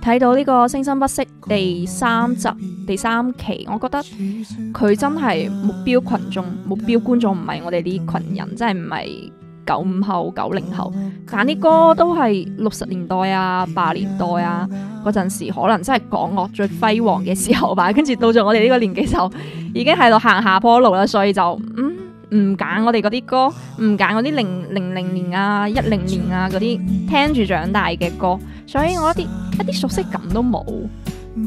睇到呢個《聲生不息》第三集，第三期，我覺得佢真係目標群眾目標觀眾唔係我哋呢群人，真係唔係九五後九零後，揀啲歌都係六十年代啊、八十年代啊陣時可能真係港樂最輝煌嘅時候吧。跟住到咗我哋呢個年紀就已經喺度行下坡路啦，所以就。嗯。唔揀我哋嗰啲歌，唔揀嗰啲零零零年啊、一零年啊嗰啲聽住長大嘅歌，所以我一啲一啲熟悉感都冇，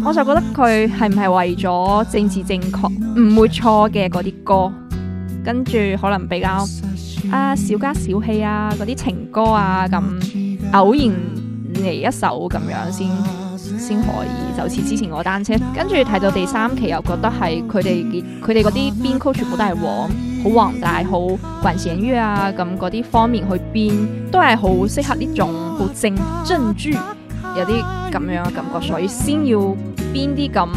我就覺得佢係唔係為咗政治正確唔會錯嘅嗰啲歌，跟住可能比較啊、呃、小家小氣啊嗰啲情歌啊咁偶然嚟一首咁樣先。先可以就好似之前嗰單車，跟住睇到第三期又覺得係佢哋、佢哋嗰啲編曲全部都係黃好宏大好管弦樂啊，咁嗰啲方面去編，都係好適合呢種好正珍珠有啲咁樣嘅感覺，所以先要編啲咁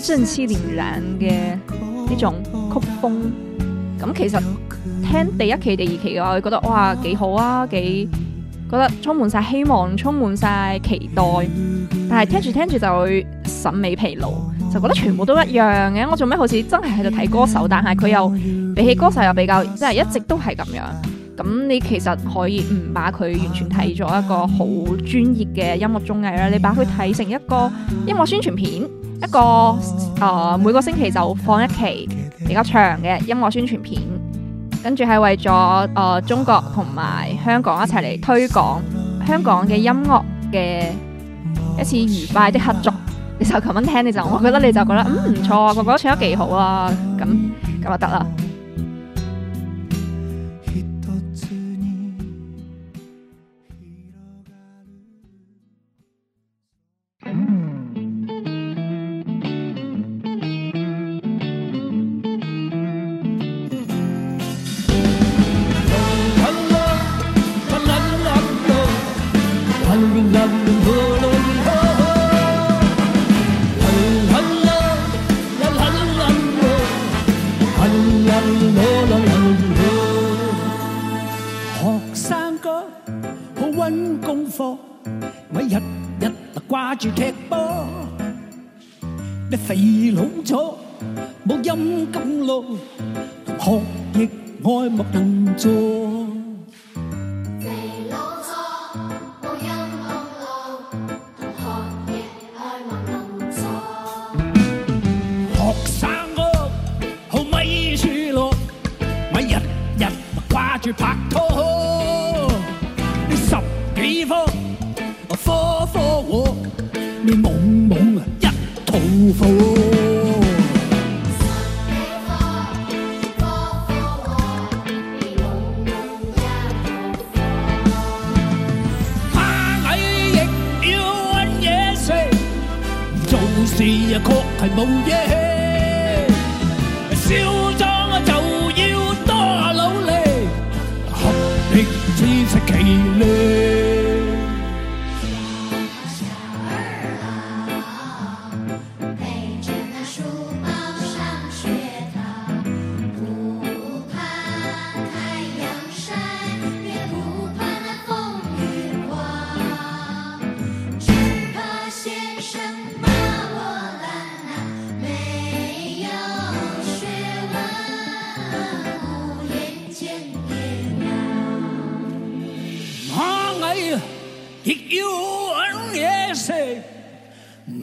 真絲連染嘅呢種曲風。咁其實聽第一期、第二期嘅話，我覺得哇幾好啊，幾覺得充滿晒希望，充滿晒期待。但係聽住聽住就會審美疲勞，就覺得全部都一樣嘅。我做咩好似真係喺度睇歌手，但係佢又比起歌手又比較即係、就是、一直都係咁樣。咁你其實可以唔把佢完全睇作一個好專業嘅音樂綜藝啦。你把佢睇成一個音樂宣傳片，一個誒、呃、每個星期就放一期比較長嘅音樂宣傳片，跟住係為咗誒、呃、中國同埋香港一齊嚟推廣香港嘅音樂嘅。一次愉快的合作，你就琴晚聽你就，我覺得你就覺得嗯唔錯，個個都唱得幾好啊，咁咁就得啦。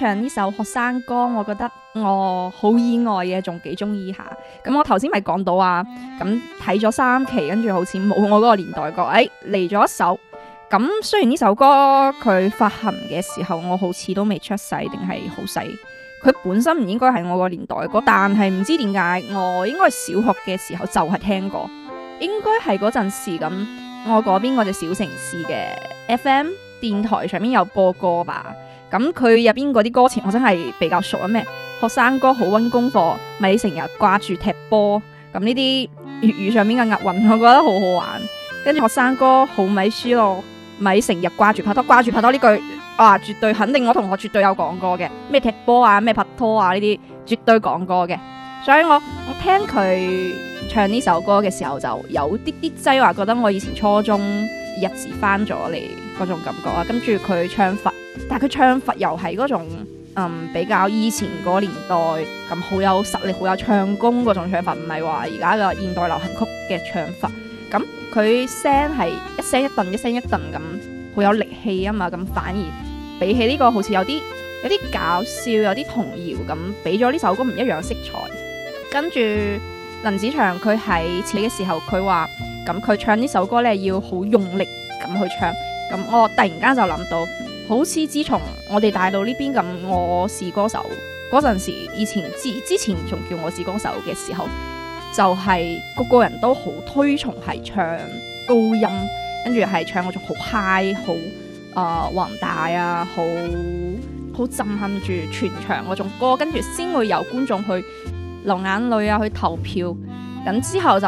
唱呢首學生歌，我覺得我好意外嘅，仲幾中意下。咁、嗯、我頭先咪講到啊，咁睇咗三期，跟住好似冇我嗰個年代歌，哎嚟咗一首。咁、嗯、雖然呢首歌佢發行嘅時候，我好似都未出世定係好細，佢本身唔應該係我個年代歌，但係唔知點解我應該係小學嘅時候就係聽過，應該係嗰陣時咁，我嗰邊嗰隻小城市嘅 FM 電台上面有播歌吧。咁佢入邊嗰啲歌詞我真係比較熟啊咩、嗯，學生哥好溫功課，咪成日掛住踢波，咁呢啲粵語上面嘅押韻我覺得好好玩，跟住學生哥好米輸咯，咪成日掛住拍拖，掛住拍拖呢句，啊，絕對肯定我同學絕對有講過嘅，咩踢波啊，咩拍拖啊呢啲絕對講過嘅，所以我我聽佢唱呢首歌嘅時候就有啲啲即係話覺得我以前初中日子翻咗嚟嗰種感覺啊，跟住佢唱法。但係佢唱法又係嗰種，嗯，比較以前嗰年代咁好、嗯、有實力、好有唱功嗰種唱法，唔係話而家嘅現代流行曲嘅唱法。咁、嗯、佢聲係一聲一頓，一聲一頓咁，好、嗯、有力氣啊嘛。咁、嗯、反而比起呢、這個好似有啲有啲搞笑、有啲童謠咁，俾咗呢首歌唔一樣色彩。跟住林子祥佢喺前嘅時候，佢話：咁、嗯、佢唱呢首歌咧要好用力咁去唱。咁、嗯、我突然間就諗到。好似自從我哋大陸呢邊，咁，我是歌手嗰陣時，以前之之前仲叫我係歌手嘅時候，就係、是、個個人都好推崇係唱高音，跟住係唱嗰種好嗨好啊宏大啊，好好震撼住全場嗰種歌，跟住先會有觀眾去流眼淚啊，去投票，咁之後就。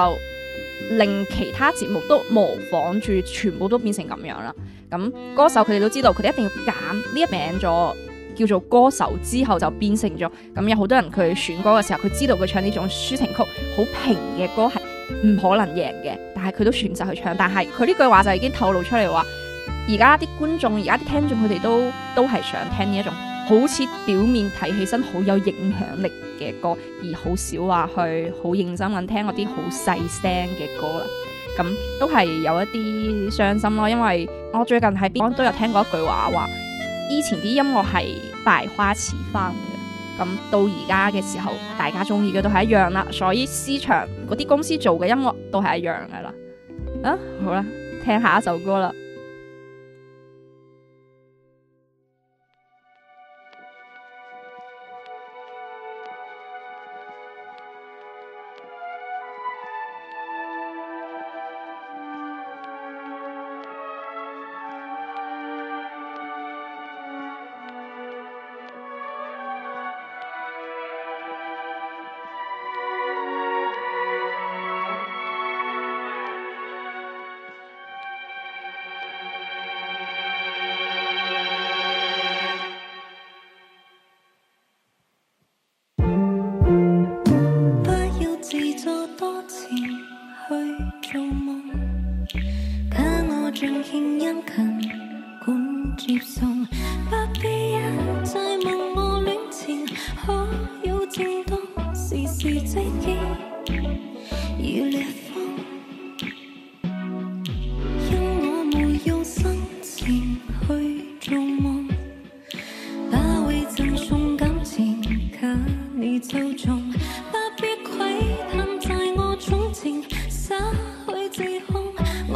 令其他節目都模仿住，全部都變成咁樣啦。咁、嗯、歌手佢哋都知道，佢哋一定要揀呢一名咗叫做歌手之後就變成咗。咁、嗯、有好多人佢選歌嘅時候，佢知道佢唱呢種抒情曲好平嘅歌係唔可能贏嘅，但係佢都選擇去唱。但係佢呢句話就已經透露出嚟話，而家啲觀眾而家啲聽眾佢哋都都係想聽呢一種。好似表面睇起身好有影響力嘅歌，而好少話去好認真咁聽嗰啲好細聲嘅歌啦。咁都係有一啲傷心咯，因為我最近喺邊都有聽過一句話，話以前啲音樂係百花齊放嘅，咁到而家嘅時候，大家中意嘅都係一樣啦。所以市場嗰啲公司做嘅音樂都係一樣噶啦。啊好啦，聽下一首歌啦。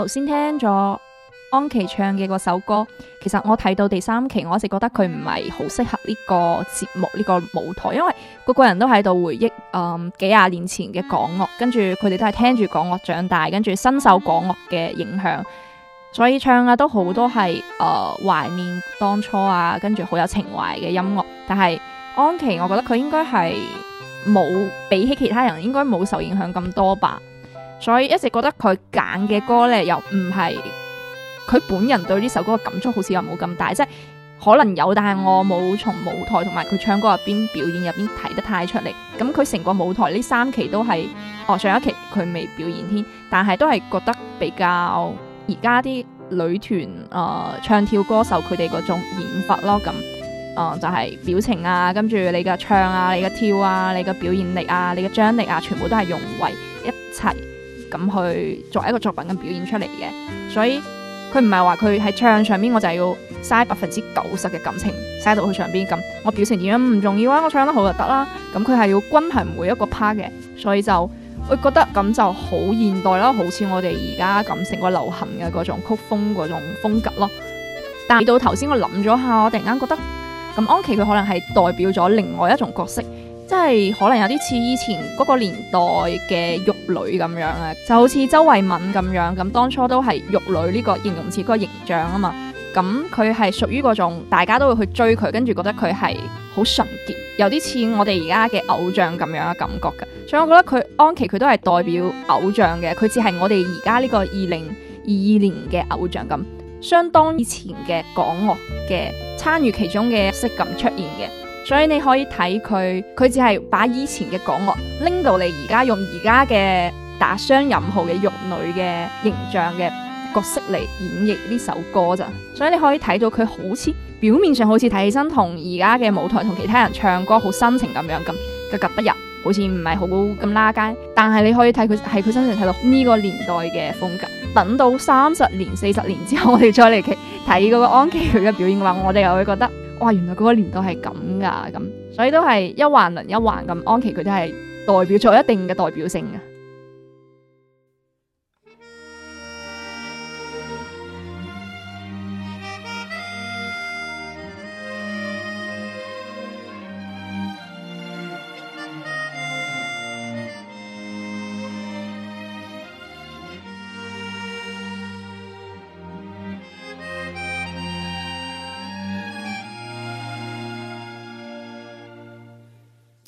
頭先聽咗安崎唱嘅嗰首歌，其實我睇到第三期，我一直覺得佢唔係好適合呢個節目呢個舞台，因為個個人都喺度回憶，嗯，幾廿年前嘅港樂，跟住佢哋都係聽住港樂長大，跟住身受港樂嘅影響，所以唱啊都好多係誒、呃、懷念當初啊，跟住好有情懷嘅音樂。但係安崎，我覺得佢應該係冇比起其他人，應該冇受影響咁多吧。所以一直覺得佢揀嘅歌呢，又唔係佢本人對呢首歌嘅感觸，好似又冇咁大。即係可能有，但係我冇從舞台同埋佢唱歌入邊表演入邊睇得太出嚟。咁佢成個舞台呢三期都係哦，上一期佢未表演添，但係都係覺得比較而家啲女團啊、呃、唱跳歌手佢哋嗰種演法咯，咁、呃、就係、是、表情啊，跟住你嘅唱啊，你嘅跳啊，你嘅表現力啊，你嘅張力啊，全部都係融為一齊。咁去作為一個作品咁表現出嚟嘅，所以佢唔係話佢喺唱上面，我就要嘥百分之九十嘅感情嘥到去上邊咁，我表情點樣唔重要啊，我唱得好就得啦。咁佢係要均衡每一個 part 嘅，所以就會覺得咁就好現代咯，好似我哋而家咁成個流行嘅嗰種曲風嗰種風格咯。但係到頭先我諗咗下，我突然間覺得咁安崎佢可能係代表咗另外一種角色。即係可能有啲似以前嗰個年代嘅玉女咁樣啊，就好似周慧敏咁樣，咁當初都係玉女呢個形容詞個形象啊嘛，咁佢係屬於嗰種大家都會去追佢，跟住覺得佢係好純潔，有啲似我哋而家嘅偶像咁樣嘅感覺噶，所以我覺得佢安崎佢都係代表偶像嘅，佢只係我哋而家呢個二零二二年嘅偶像咁，相當以前嘅港樂嘅參與其中嘅色感出現嘅。所以你可以睇佢，佢只係把以前嘅港樂拎到嚟，而家用而家嘅打雙引號嘅玉女嘅形象嘅角色嚟演繹呢首歌咋。所以你可以睇到佢好似表面上好似睇起身同而家嘅舞台同其他人唱歌好深情咁樣咁格格不入，好似唔係好咁拉街。但係你可以睇佢喺佢身上睇到呢個年代嘅風格。等到三十年、四十年之後，我哋再嚟睇睇嗰個安崎佢嘅表演嘅話，我哋又會覺得。哇！原來嗰個年代係咁㗎，咁所以都係一環輪一環咁。安琪佢都係代表，有一定嘅代表性嘅。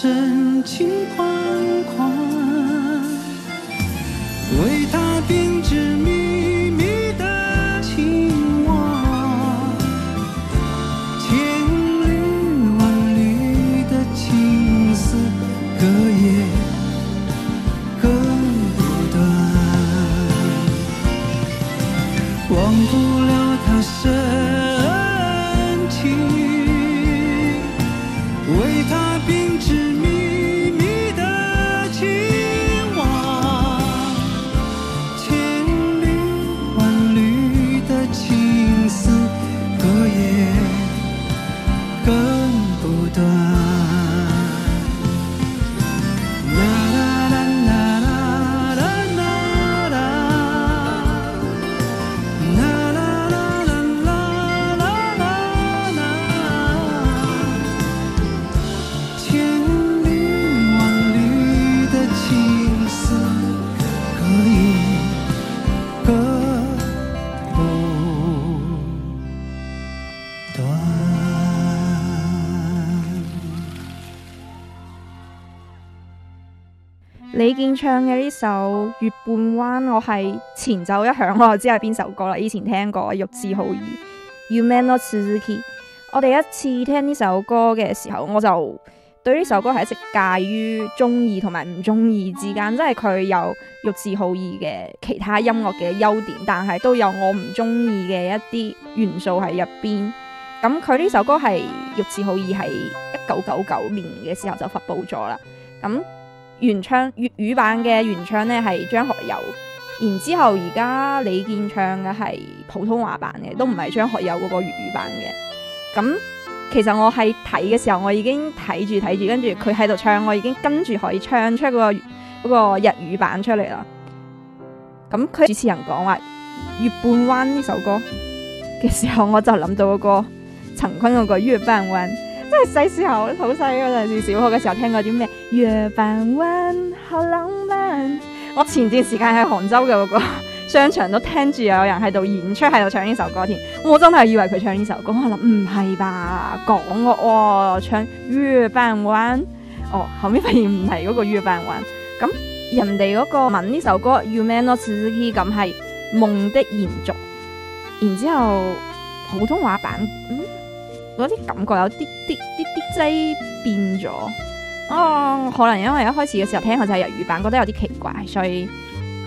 深情款款。嘅呢首《月半彎》，我係前奏一響，我就知係邊首歌啦。以前聽過《玉置浩二》《夢のつづき》。我第一次聽呢首歌嘅時候，我就對呢首歌係一直介於中意同埋唔中意之間，即係佢有玉置浩二嘅其他音樂嘅優點，但係都有我唔中意嘅一啲元素喺入邊。咁佢呢首歌係玉置浩二》喺一九九九年嘅時候就發布咗啦。咁原唱粵語版嘅原唱咧係張學友，然之後而家李健唱嘅係普通話版嘅，都唔係張學友嗰個粵語版嘅。咁其實我係睇嘅時候，我已經睇住睇住，跟住佢喺度唱，我已經跟住可以唱出嗰個嗰個日語版出嚟啦。咁佢主持人講話《月半彎》呢首歌嘅時候，我就諗到嗰個陳坤嗰個《月半彎》。真係細時候，好細嗰陣時，小學嘅時候聽過啲咩《月半彎》好浪漫。我前段時間喺杭州嘅嗰個商場都聽住有人喺度演出，喺度唱呢首歌添。我真係以為佢唱呢首歌，我諗唔係吧？講我哇，哦，唱月半彎。哦，後面發現唔係嗰個月半彎。咁人哋嗰個問呢首歌，夢のつづき，咁係夢的延續。然之後普通話版。嗯嗰啲感覺有啲啲啲啲劑變咗，哦、啊，可能因為一開始嘅時候聽佢就係日語版，覺得有啲奇怪，所以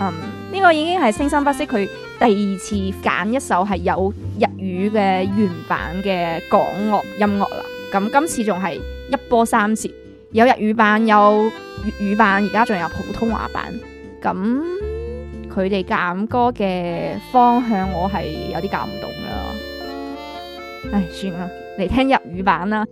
嗯，呢、這個已經係聲生不息佢第二次揀一首係有日語嘅原版嘅港樂音樂啦。咁、嗯、今次仲係一波三折，有日語版，有粵語版，而家仲有普通話版。咁佢哋揀歌嘅方向，我係有啲感動啦。唉，算啦，嚟聽日語版啦。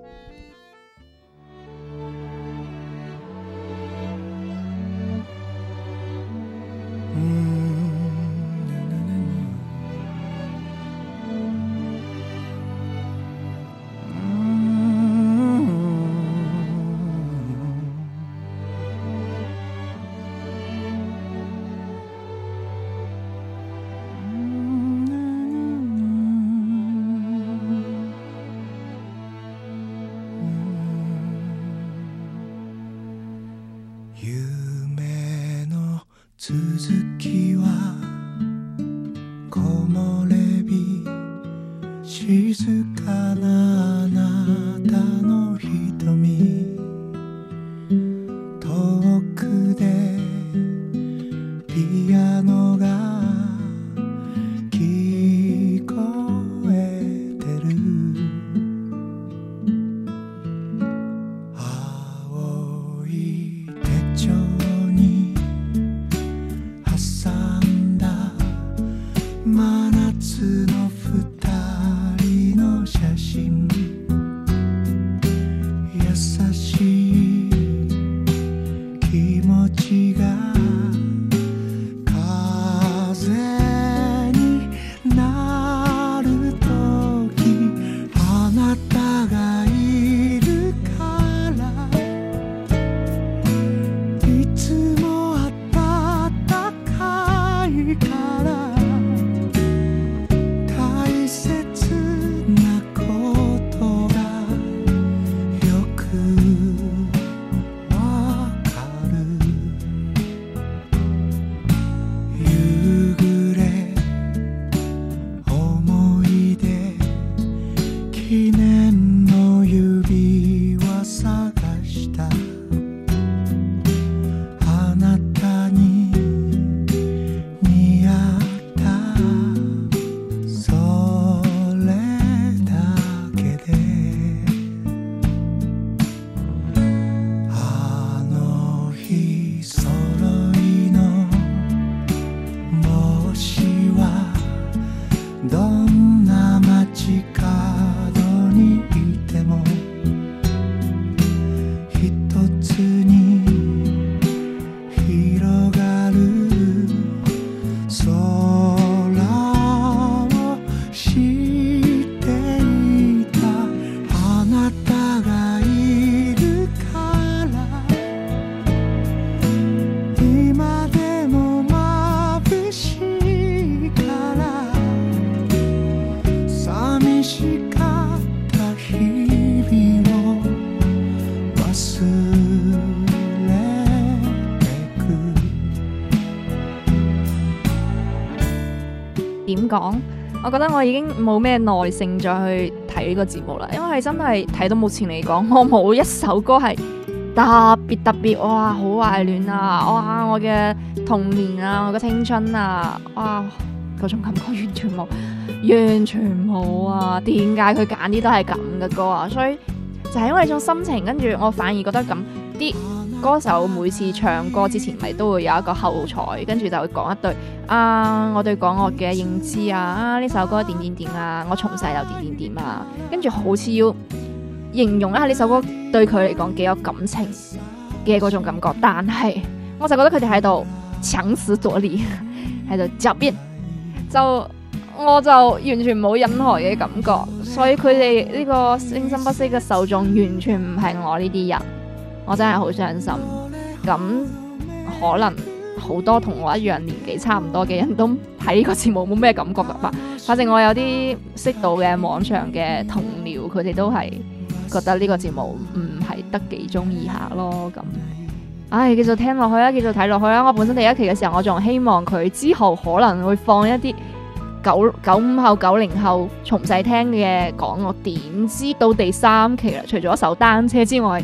我覺得我已經冇咩耐性再去睇呢個節目啦，因為真係睇到目前嚟講，我冇一首歌係特別特別哇好懷戀啊，哇我嘅童年啊，我嘅青春啊，哇嗰種感覺完全冇，完全冇啊！點解佢揀啲都係咁嘅歌啊？所以就係因為呢種心情，跟住我反而覺得咁啲。歌手每次唱歌之前，咪都會有一個後台，跟住就會講一對啊，我對港樂嘅認知啊，啊呢首歌點點點啊，我從細就點點點啊，跟住好似要形容一下呢首歌對佢嚟講幾有感情嘅嗰種感覺，但係我就覺得佢哋喺度強詞奪理，喺度狡辯，就我就完全冇任何嘅感覺，所以佢哋呢個聲生不息嘅受眾完全唔係我呢啲人。我真係好傷心咁，可能好多同我一樣年紀差唔多嘅人都睇呢個節目冇咩感覺噶吧。反正我有啲識到嘅網上嘅同僚，佢哋都係覺得呢個節目唔係得幾中意下咯。咁，唉，繼續聽落去啊，繼續睇落去啊。我本身第一期嘅時候，我仲希望佢之後可能會放一啲九九五後九零後從細聽嘅講，我點知到第三期啦，除咗一首單車之外。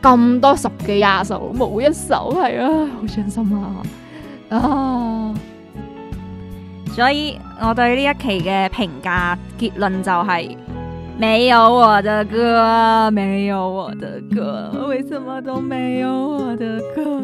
咁多十幾廿首，冇一首係啊，好傷心啊！啊，所以我對呢一期嘅評價結論就係、是，沒有我的歌，沒有我的歌，為什麼都沒有我的歌？